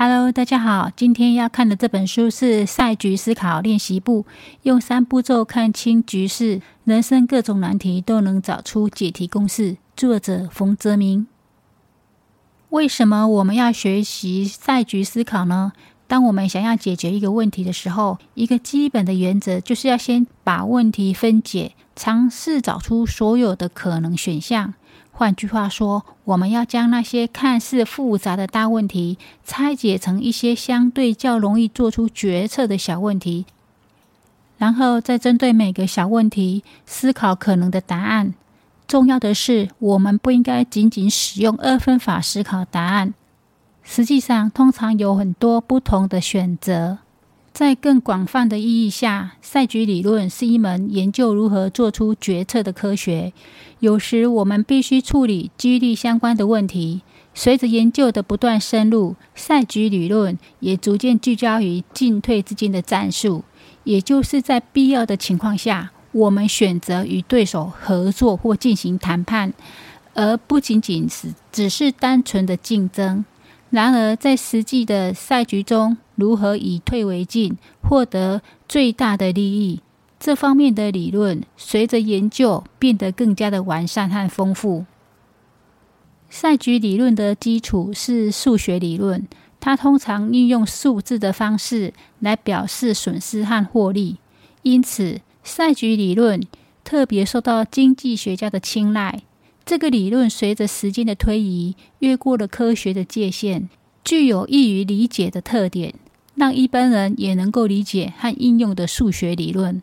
Hello，大家好。今天要看的這本書是《賽局思考練習簿》，用三步驟看清局勢，人生各種難題都能找出解題公式。作者逢澤明。為什麼我們要學習賽局思考呢？當我們想要解決一個問題的時候，一個基本的原則就是要先把問題分解，嘗試找出所有的可能選項。換句話說，我們要將那些看似複雜的大問題拆解成一些相對較容易做出決策的小問題，然後再針對每個小問題思考可能的答案。重要的是，我們不應該僅僅使用二分法思考答案。實際上，通常有很多不同的選擇。在更廣泛的意義下，賽局理論是一門研究如何做出決策的科學。有時我們必須處理激勵相關的問題。隨着研究的不斷深入，賽局理論也逐漸聚焦於進退之間的戰術，也就是在必要的情況下，我們選擇與對手合作或進行談判，而不僅僅是只是單純的競爭。然而，在實際的賽局中，如何以退為進，獲得最大的利益？這方面的理論隨着研究變得更加的完善和豐富。賽局理論的基礎是數學理論，它通常運用數字的方式來表示損失和獲利。因此，賽局理論特別受到經濟學家的青睞。這個理論隨着時間的推移，越過了科學的界限，具有易於理解的特點。讓一般人也能夠理解和應用的數學理論。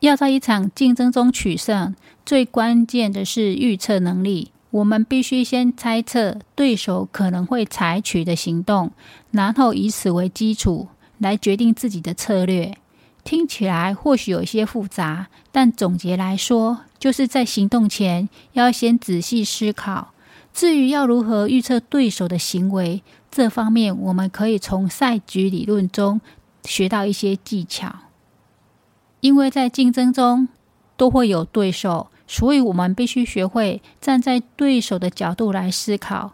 要在一場競爭中取勝，最關鍵的是預測能力。我們必須先猜測對手可能會採取的行動，然後以此為基礎來決定自己的策略。聽起來或許有些複雜，但總結來說，就是在行動前要先仔細思考。至於要如何預測對手的行為。這方面，我們可以從賽局理論中學到一些技巧。因為在競爭中都會有對手，所以我們必須學會站在對手的角度來思考。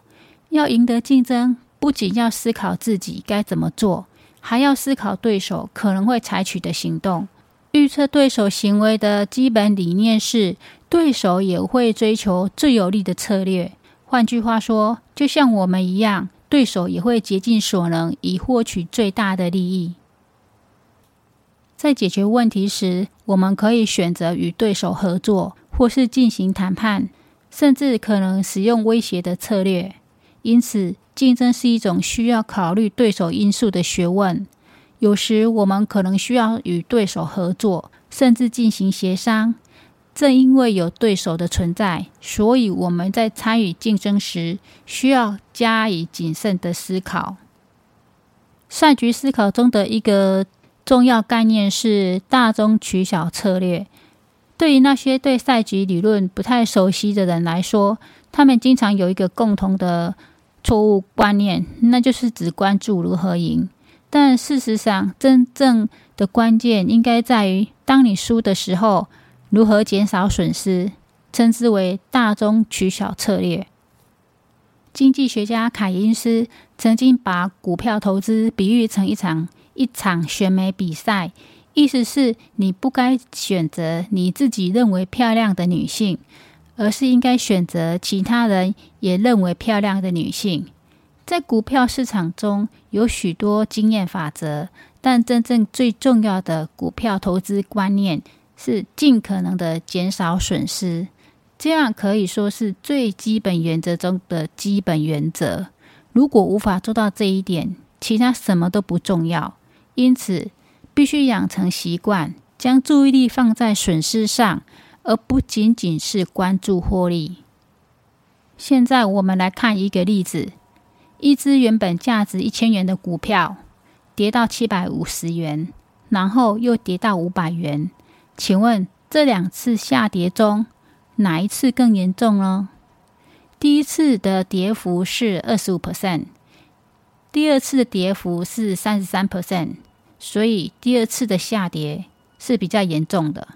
要贏得競爭，不僅要思考自己該怎麼做，還要思考對手可能會採取的行動。預測對手行為的基本理念是：對手也會追求最有利的策略。換句話說，就像我們一樣。對手也會竭盡所能以獲取最大的利益。在解決問題時，我們可以選擇與對手合作，或是進行談判，甚至可能使用威脅的策略。因此，競爭是一種需要考慮對手因素的學問。有時，我們可能需要與對手合作，甚至進行協商。正因為有對手的存在，所以我們在參與競爭時需要加以謹慎的思考。賽局思考中的一個重要概念是“大中取小”策略。對於那些對賽局理論不太熟悉的人來說，他們經常有一個共同的錯誤觀念，那就是只關注如何贏。但事實上，真正的關鍵應該在於：當你輸的時候。如何減少損失，稱之為大中取小策略。經濟學家凱恩斯曾經把股票投資比喻成一場一場選美比賽，意思是你不該選擇你自己認為漂亮的女性，而是應該選擇其他人也認為漂亮的女性。在股票市場中有許多經驗法則，但真正最重要的股票投資觀念，是盡可能的減少損失，這樣可以說是最基本原則中的基本原則。如果無法做到這一點，其他什麼都不重要。因此，必須養成習慣，將注意力放在損失上，而不僅僅是關注獲利。現在，我們來看一個例子：一隻原本價值一千元的股票，跌到七百五十元，然後又跌到五百元。請問這兩次下跌中，哪一次更嚴重呢？第一次的跌幅是二十五 percent，第二次的跌幅是三十三 percent，所以第二次的下跌是比較嚴重的。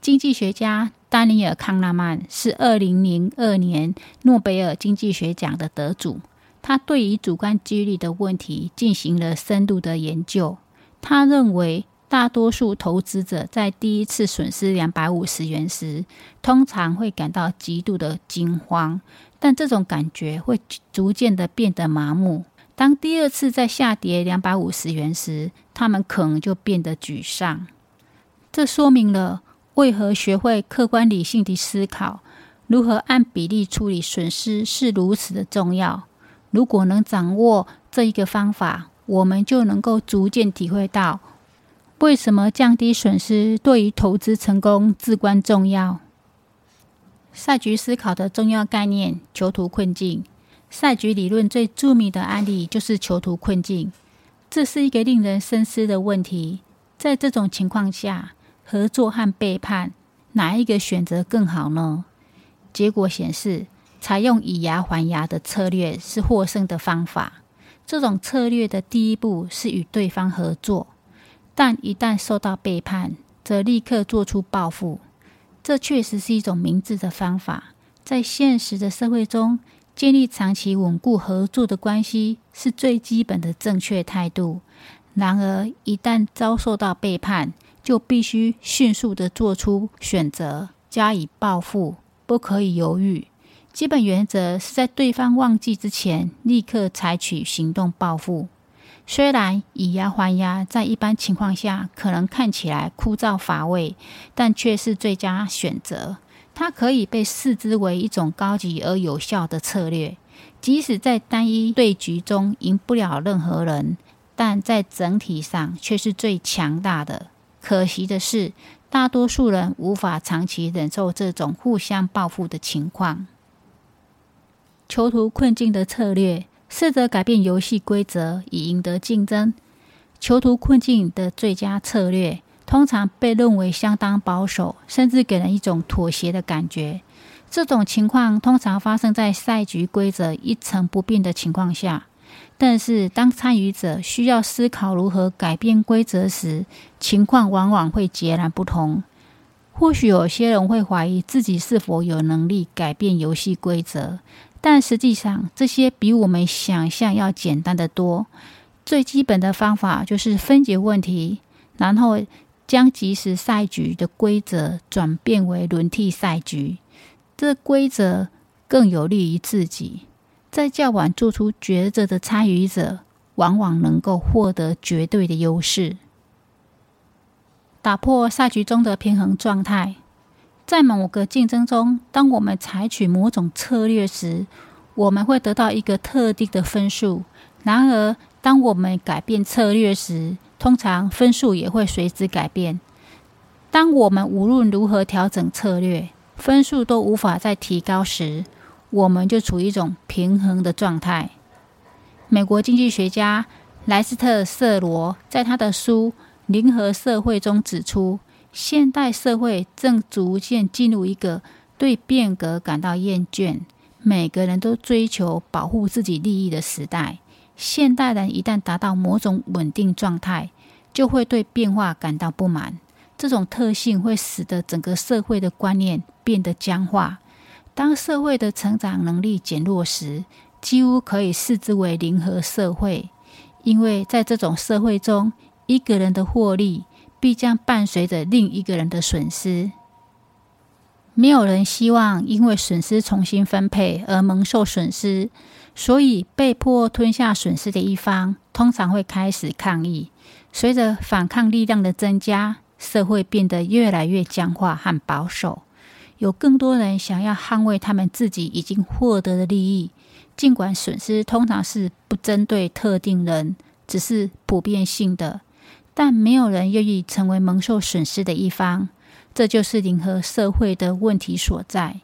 經濟學家丹尼爾康納曼是二零零二年諾貝爾經濟學獎的得主，他對於主觀幾率的問題進行了深度的研究，他認為。大多數投資者在第一次損失兩百五十元時，通常會感到極度的驚慌，但這種感覺會逐漸的變得麻木。當第二次再下跌兩百五十元時，他們可能就變得沮喪。這說明了為何學會客觀理性的思考，如何按比例處理損失是如此的重要。如果能掌握這一個方法，我們就能夠逐漸體會到。為什麼降低損失對於投資成功至關重要？賽局思考的重要概念：囚徒困境。賽局理論最著名的案例就是囚徒困境。這是一個令人深思的問題。在這種情況下，合作和背叛，哪一個選擇更好呢？結果顯示，採用以牙還牙的策略是獲勝的方法。這種策略的第一步是與對方合作。但一旦受到背叛，則立刻做出報復。這確實是一種明智的方法。在現實的社會中，建立長期穩固合作的關係是最基本的正確態度。然而，一旦遭受到背叛，就必須迅速地做出選擇，加以報復，不可以猶豫。基本原則是在對方忘記之前，立刻採取行動報復。雖然以牙還牙在一般情況下可能看起來枯燥乏味，但卻是最佳選擇。它可以被視之為一種高級而有效的策略，即使在單一對局中贏不了任何人，但在整體上卻是最強大的。可惜的是，大多數人無法長期忍受這種互相報復的情況。囚徒困境的策略。試着改變遊戲規則以贏得競爭。囚徒困境的最佳策略通常被認為相當保守，甚至給人一種妥協的感覺。這種情況通常發生在賽局規則一成不變的情況下。但是，當參與者需要思考如何改變規則時，情況往往會截然不同。或許有些人會懷疑自己是否有能力改變遊戲規則。但實際上，這些比我們想象要簡單得多。最基本的方法就是分解問題，然後將即時賽局的規則轉變為輪替賽局，這規則更有利於自己。在較晚做出抉擇的參與者，往往能夠獲得絕對的優勢，打破賽局中的平衡狀態。在某個競爭中，當我們採取某種策略時，我們會得到一個特定的分數。然而，當我們改變策略時，通常分數也會隨之改變。當我們無論如何調整策略，分數都無法再提高時，我們就處於一種平衡的狀態。美國經濟學家萊斯特·瑟羅在他的書《零和社會》中指出，現代社會正逐漸進入一個對變革感到厭倦、每個人都追求保護自己利益的時代。現代人一旦達到某種穩定狀態，就會對變化感到不滿。這種特性會使得整個社會的觀念變得僵化。當社會的成長能力減弱時，幾乎可以視之為零和社會，因為在這種社會中，一個人的獲利，必將伴隨着另一個人的損失。沒有人希望因為損失重新分配而蒙受損失，所以被迫吞下損失的一方通常會開始抗議。隨着反抗力量的增加，社會變得越來越僵化和保守。有更多人想要捍衛他們自己已經獲得的利益，儘管損失通常是不針對特定人，只是普遍性的。但沒有人願意成為蒙受損失的一方，這就是零和社會的問題所在。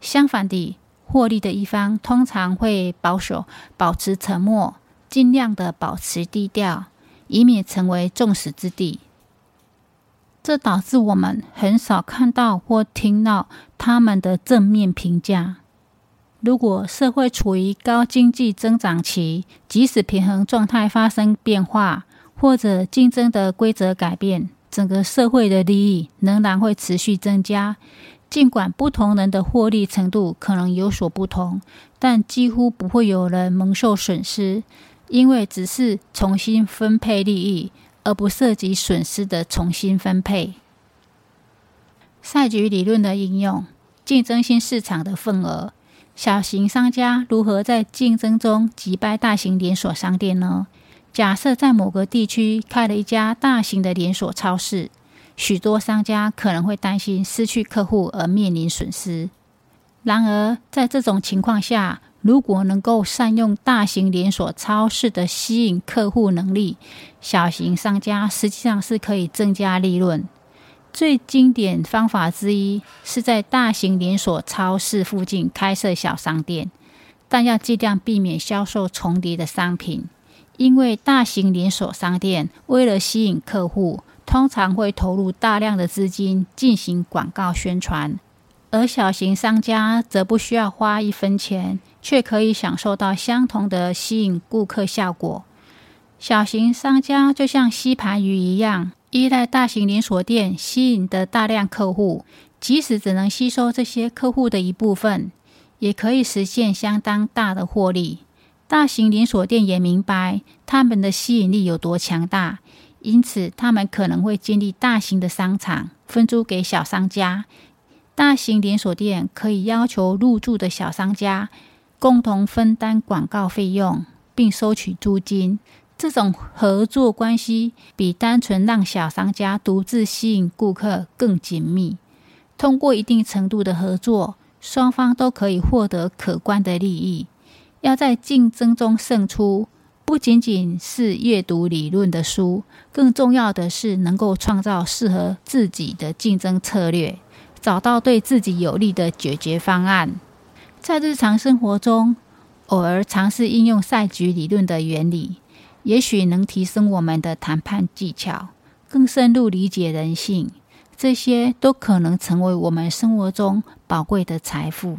相反的，獲利的一方通常會保守、保持沉默、盡量的保持低調，以免成為眾矢之的。這導致我們很少看到或聽到他們的正面評價。如果社會處於高經濟增長期，即使平衡狀態發生變化，或者競爭的規則改變，整個社會的利益仍然會持續增加。儘管不同人的獲利程度可能有所不同，但幾乎不會有人蒙受損失，因為只是重新分配利益，而不涉及損失的重新分配。賽局理論的應用，競爭性市場的份額，小型商家如何在競爭中擊敗大型連鎖商店呢？假設在某個地區開了一家大型的連鎖超市，許多商家可能會擔心失去客戶而面臨損失。然而，在這種情況下，如果能夠善用大型連鎖超市的吸引客戶能力，小型商家實際上是可以增加利潤。最經典方法之一是在大型連鎖超市附近開設小商店，但要儘量避免銷售重疊的商品。因為大型連鎖商店為了吸引客戶，通常會投入大量的資金進行廣告宣傳，而小型商家則不需要花一分錢，卻可以享受到相同的吸引顧客效果。小型商家就像吸盤魚一樣，依賴大型連鎖店吸引的大量客戶，即使只能吸收這些客戶的一部分，也可以實現相當大的獲利。大型連鎖店也明白他們的吸引力有多強大，因此他們可能會建立大型的商場，分租給小商家。大型連鎖店可以要求入住的小商家共同分擔廣告費用，並收取租金。這種合作關係比單純讓小商家獨自吸引顧客更緊密。通過一定程度的合作，雙方都可以獲得可觀的利益。要在競爭中勝出，不僅僅是閱讀理論的書，更重要的是能夠創造適合自己的競爭策略，找到對自己有利的解決方案。在日常生活中，偶爾嘗試應用賽局理論的原理，也許能提升我們的談判技巧，更深入理解人性，這些都可能成為我們生活中寶貴的財富。